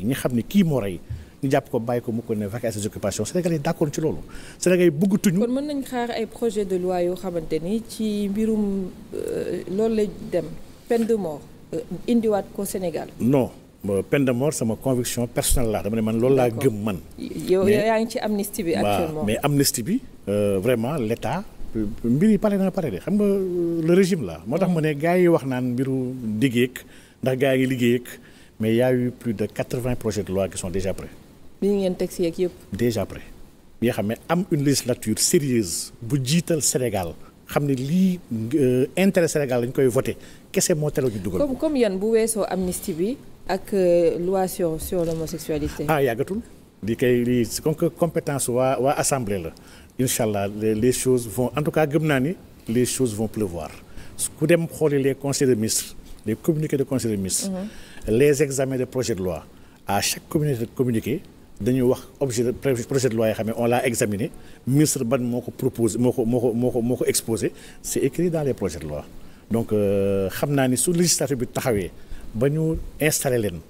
ñi xam ne kii moo rey ñu jàpp ko bàyyi ko mu ko ne vaquer à ses occupations sénégalais yi d'accord ci loolu sénégalais yi bëgg tuñu kon mën nañ xaar ay projet de loi yoo xamante ni ci mbirum euh, loolu la dem peine de mort euh, indiwaat ko Sénégal no euh, peine de mort sama conviction personnelle laa dama ne man loolu laa gëm man yow yaa ngi ci amnistie bi actuellement mais amnistie bi vraiment l'État mbir yi pare na pare de xam nga le régime la moo tax ma ne gars yi wax naan mbiru digéeg ndax gars yi ngi mais il eu plus de quatre-vingts projets de loi qui sont déjà prêts. li ñu ngeen teg si yeeg déjà prêts yi xam ne am une législature sérieuse bu jiital Sénégal xam ne lii euh, intérêt Sénégal lañ koy voté kese moo terewul dugal. comme comme yan bu weesoo amnistie bi ak euh, loi sur sur l'homosexualité. ah yàggatul. di kay lii comme que compétence waa waa assemblée la incha allah les choses vont en tout cas gëm naa ni les choses vont pleuvoir ku dem xooli les conseils de ministres les communiqués de les examens de projet de loi à chaque communauté communiqué dañu wax objet de projet de loi yoo xam ne on l'a examiné ministre ban moo ko proposé moo ko moo ko moo ko moo ko exposé c'est écrit dans les projets de loi donc euh, xam naa ni su législature bi taxawee ba ñu installé leen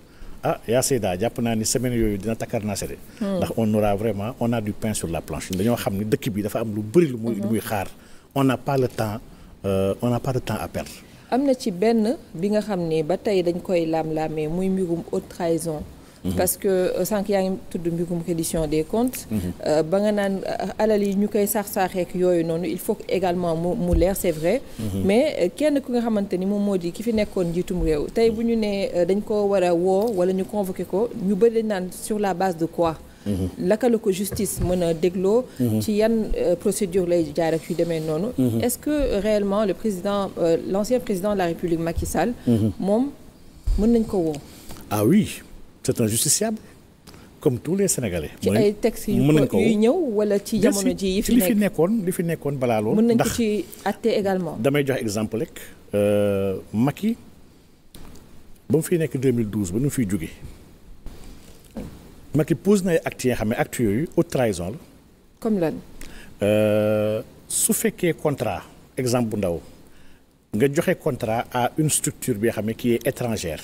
ah yaa Seyda jàpp naa ni semaine yooyu dina takkar naa seede hmm. ndax on aura vraiment on a du pain sur la planche dañoo xam ne dëkk bi dafa am lu bëri lu muy lu muy hmm. xaar on n'a pas le temps euh, on n'a pas de temps à perdre am na ci benn bi nga xam ne ba tey dañ koy laam-laamee muy mbirum haute trahison mhm. parce que euh, sànq yaa ngi tudd mbirum reddition des comptes mhm. euh, ba nga naan euh, alal yi ñu koy saax-saaxeek yooyu noonu il faut également mu mu leer c'est vrai mhm. mais kenn ku nga xamante ni moom moo di ki fi nekkoon njiitum réew tey bu ñu ne dañ ko war woo wala ñu convoqué ko ñu bëri naan sur la base de quoi laka mm-hmm. la ko justice mën a dégloo mm-hmm. ci yan euh, procédure lay jaar ak demee noonu mm-hmm. est-ce que euh, réellement le président euh, président de la République Macky Sall moom mën nañ ko woo ah oui c'est un justiciable comme tous les sénégalais. ci ay textes yu ñëw wala ci jamono ji yi fi nekk li fi nekkoon li fi nekkoon balaa loolu. mën nañ ko ci atte également. damay jox exemple rek euh, Macky ba mu fiy nekk 2012 ba nu mu fiy jógee. Macky pose na ay actes xam ne actes yooyu haute trahison la. comme lan. Euh, su fekkee contrat exemple bu ndaw nga joxe contrat à une structure bi nga xam ne qui est étrangère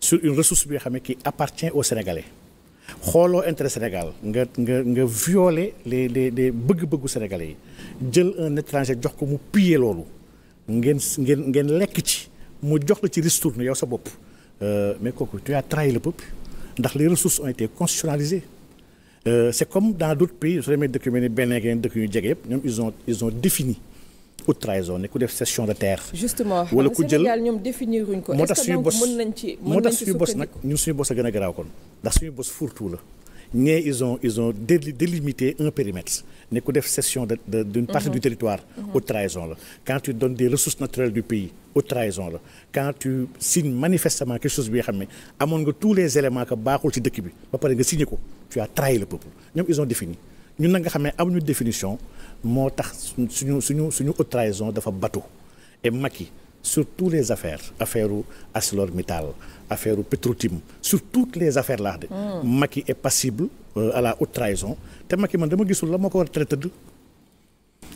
sur une ressource bi nga xam ne qui appartient aux Sénégalais xooloo intérêt Sénégal nga nga nga viole les les les bëgg-bëggu Sénégalais jël un étranger jox ko mu piller loolu ngeen ngeen ngeen lekk ci mu jox la ci ristourne yow sa bopp euh, mais kooku tu as la le ndax les ressources ont été constitutionnalisées euh, c'est comme dans d'autres pays su demee dëkk yu mel ni Bénin ak yeneen dëkk yu jege yëpp ñoom ils ont ils ont défini haute trahison ne ku def cession de terre. justement wala ku jël Sénégal ñoom définir wuñ ko. est-ce que donc mën nañ ci ci moo tax suñu bos moo tax suñu bos nag ñun suñu bos a gën a garaaw kon ndax suñu bos furtu la. ñee ils on ils ont délimité un périmètre ne ku def cession de de d'une partie du mhm. territoire mhm. haute trahison la quand tu donnes des ressources naturelles du pays haute trahison la quand tu manifestement quelque chose bi nga xam ne amoon nga tous les éléments que baaxul ci dëkk bi ba pare nga signé ko tu as trahi le peuple ñoom ils ont défini ñun nag nga xam ne amuñu définition moo tax suñu suñu suñu haute trahison dafa bateau et Macky sur tous les affaires affaire u ArcelorMittal affaire Petro-Tim sur toutes les affaires laa de hmm. Macky est passible euh, à la haute trahison te Macky man dama gisul la moo ko war a traité tëdd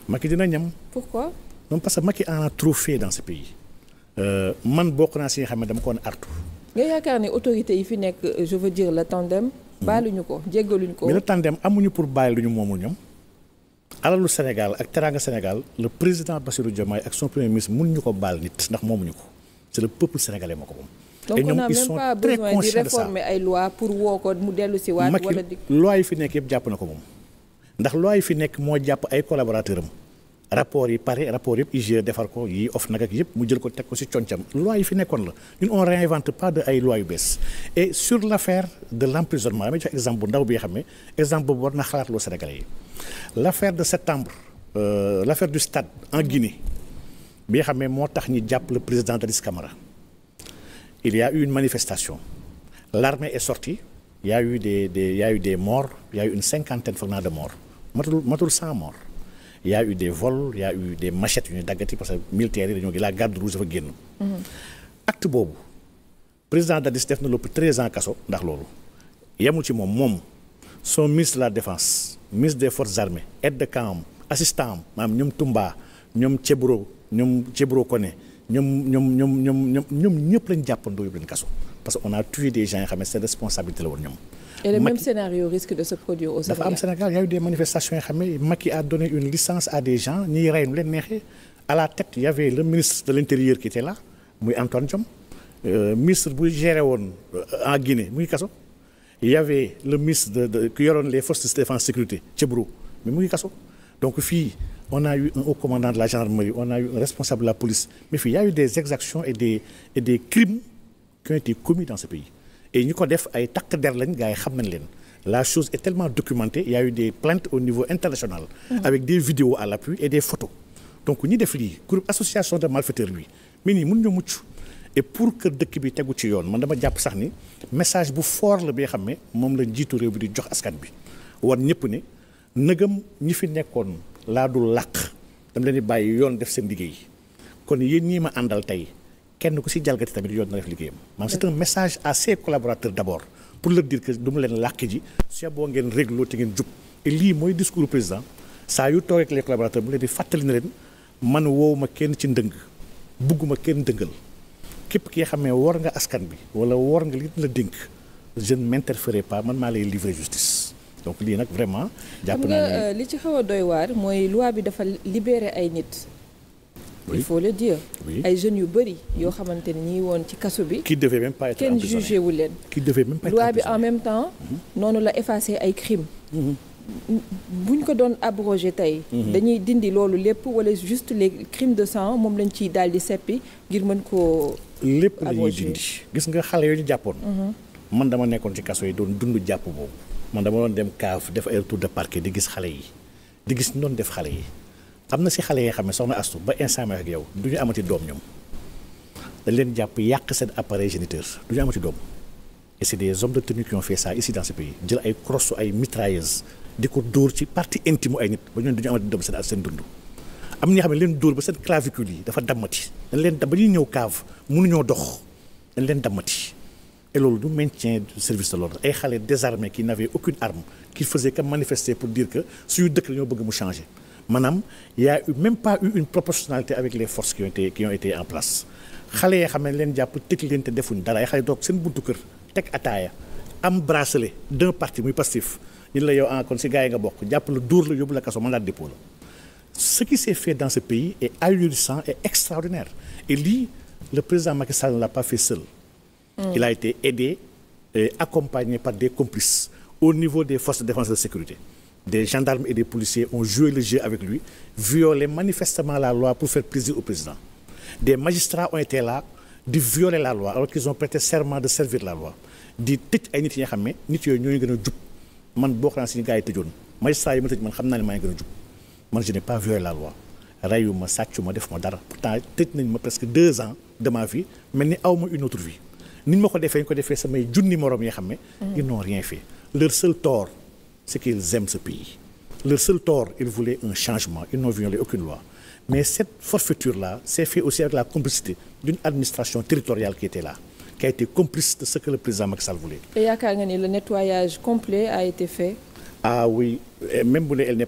Macky dina ñam. pourquoi. non parce que Macky en a trop fait dans ce pays. Euh, man bokk naa si nga xam ne dama ko woon artu. nga yaakaar ne autorité yi fi nekk euh, je veux dire le tandem. Hmm. baaluñu ko jéggaluñu ko. mais le tandem amuñu pour bàyyi lu ñu moomul ñoom. alalu Sénégal ak teraanga Sénégal le président Bassirou Diomaye ak son ko baal nit ndax moomuñu ko le peuple sénégalais moo donc on a même pas besoin di réformer ay loi pour woo ko mu dellu si waat wala di loi yi fi nekk yëpp jàpp na ko moom ndax loi yi fi nekk moo jàpp ay collaborateur am rapport yi pare rapport yëpp IGE defar ko yi of nag ak yëpp mu jël ko teg ko si concam loi yi fi nekkoon la ñun on réinvente pas de ay loi yu bees et sur l' affaire de l' emprisonnement damay exemple bu ndaw bi nga xam ne exemple boobu war na xalaat loo Sénégalais yi l' de septembre euh, l' affaire du stade en Guinée bi nga xam ne moo tax ñi jàpp le président Dadis Camara il y eu une manifestation l'armée est sortie il y a eu des des il y morts il eu une cinquantaine foog naa de morts matul matul cent morts ya y a eu des vols il y a eu des machettes yu ñu daggati parce que militaires yi dañoo gi garde rouge dafa génn. Mm-hmm. acte boobu président Dadis def na lépp treize ans kaso ndax loolu yemul ci moom moom son ministre la défense ministre des forces armées aide de camp assistant am maanaam ñoom Tumba ñoom Cebro ñoom Cebro Koné. ñoom ñoom ñoom ñoom ñoom ñoom ñëpp lañ jàppandoo leen kaso parce que on a tué des gens yoo xam ne seen responsabilité la woon ñoom. dafa am Sénégal y a eu des manifestations yoo xam ne une licence à des gens ñiy rey nu leen neexee à la tête y avait ministre de l' intérieur qui était muy Antoine Diome euh, ministre bu géré woon euh, en Guinée mu ngi kaso y avait le ministre de de ku yoroon les forces de défense sécurité Thiebro mais mu ngi kaso donc fii. on a eu un haut commandant de la gendarmerie on a eu un responsable de la police mais fii des exactions et des et des crimes qui ont été commis dans ce pays et ñu ko def ay takk der lañ gars yi xam nañ leen la chose est tellement documentée il y a eu des plaintes au niveau international mhm. avec des vidéos à l'appui et des photos donc ñi def lii groupe association de malfaiteurs bi mais nii mun ñu mucc et pour kër dëkk bi tegu ci yoon man dama jàpp sax ni message bu foor la bi xam ne moom la njiitu réew bi di jox askan bi war ñëpp ne nëgam ñi fi nekkoon laa dul làq dama leen di bàyyi yoon def seen liggéey kon yéen ñii ma àndal tey kenn ku si jalgati tamit yoon na def liggéeyam maanaam c'est un message à ses collaborateurs d'abord pour leur dire que leen làq ji su boo ngeen régloo te ngeen jub lii mooy discours président saa yu toog ak les collaborateurs mu leen di fàttali na leen man woowu ma kenn ci ndëng bugguma kenn dëngal képp ki nga xam ne war nga askan bi wala woor nga li la dénk jeune ne m'interférerai pas man maa lay livrer justice donc lii nag vraiment. jàpp naa euh, li ci xaw a doy waar mooy loi bi dafa libérer ay nit. il faut le dire. ay jeunes yu bëri yoo xamante ni ñi woon ci kaso bi. qui devait même pas être emprisonné kenn jugé wu leen. qui devait même pas bi en même temps. Mhm. noonu la effacer ay crimes. Mhm. buñ ko doon abrogé tey. Mhm. dañuy dindi loolu lépp wala juste les crimes de sang moom lañ ciy daal di seppi ngir mën koo. lépp la ñuy dindi gis nga xale yooyu jàppoon. man dama nekkoon ci kaso yi doon dund jàpp boobu. man dama doon dem kaaf def ay tour de parquet di gis xale yi di gis noonu def xale yi am na si xale yoo xam ne soxna Astou ba instant ma ak yow du ñu amati doom ñoom dañ leen jàpp yàq seen appareil géniteur du ñu amati doom et c'est des hommes de tenue qui ont fait ça ici dans ce pays jël ay crosse ay mitrailleuses di ko dóor ci partie intime ay nit ba ñun du ñu amati doom seen ak seen dund. am na ñoo xam leen dóor ba seen clavicule yi dafa dammati dañ leen ba ñuy ñëw cave mënuñoo dox dañ leen dammati. et loolu du maintien du service de l'ordre ay xale désarmés qui n'avaient aucune arme qui faisaient que manifester pour dire que suñu dëkk dañoo bëgg mu changer maanaam y a eu même pas eu une proportionnalité avec les forces qui ont été qui ont été en place xale yoo xam ne leen jàpp tëj leen te defuñ dara ay xale toog seen buntu kër teg ataaya am bracelet d'un parti muy passif ñu la yow en ah, kon si gars yi nga bokk jàpp la dóor la yóbbu la kaso mandat de dépôt la ce qui s'est fait dans ce pays est ahurissant et extraordinaire Mm. il a été aidé et accompagné par des complices au niveau des forces de défense de sécurité. Des gendarmes et des policiers ont joué le jeu avec lui, violé manifestement la loi pour faire plaisir au président. Des magistrats ont été là di violer la loi alors qu'ils ont prêté serment de servir la loi di tëj ay nit yi nga ne nit yooyu ñooñu gën a jub man bokk naa si ñu gars yi tëjoon magistrat yi ma tëj man xam naa ne maa ngi gën jub man je n'ai pas violé la loi reyu ma sàccu ma def ma dara pourtant tëj nañ ma presque deux ans de ma mel ni aw ma une autre ni ñu ma ko defee ñu ko defee samay junni morom yi xam ne. ils n'ont rien fait leur seul tort c'est qu'ils aiment ce pays. leur seul tort ils voulaient un changement ils n'ont violé aucune loi mais cette forfaiture là s'est fait aussi avec la complicité d'une administration territoriale qui était là. qui a été complice de ce que le président Macky voulait. te yaakaar nga ni le nettoyage complet a été fait. ah oui même bu ne elle n'est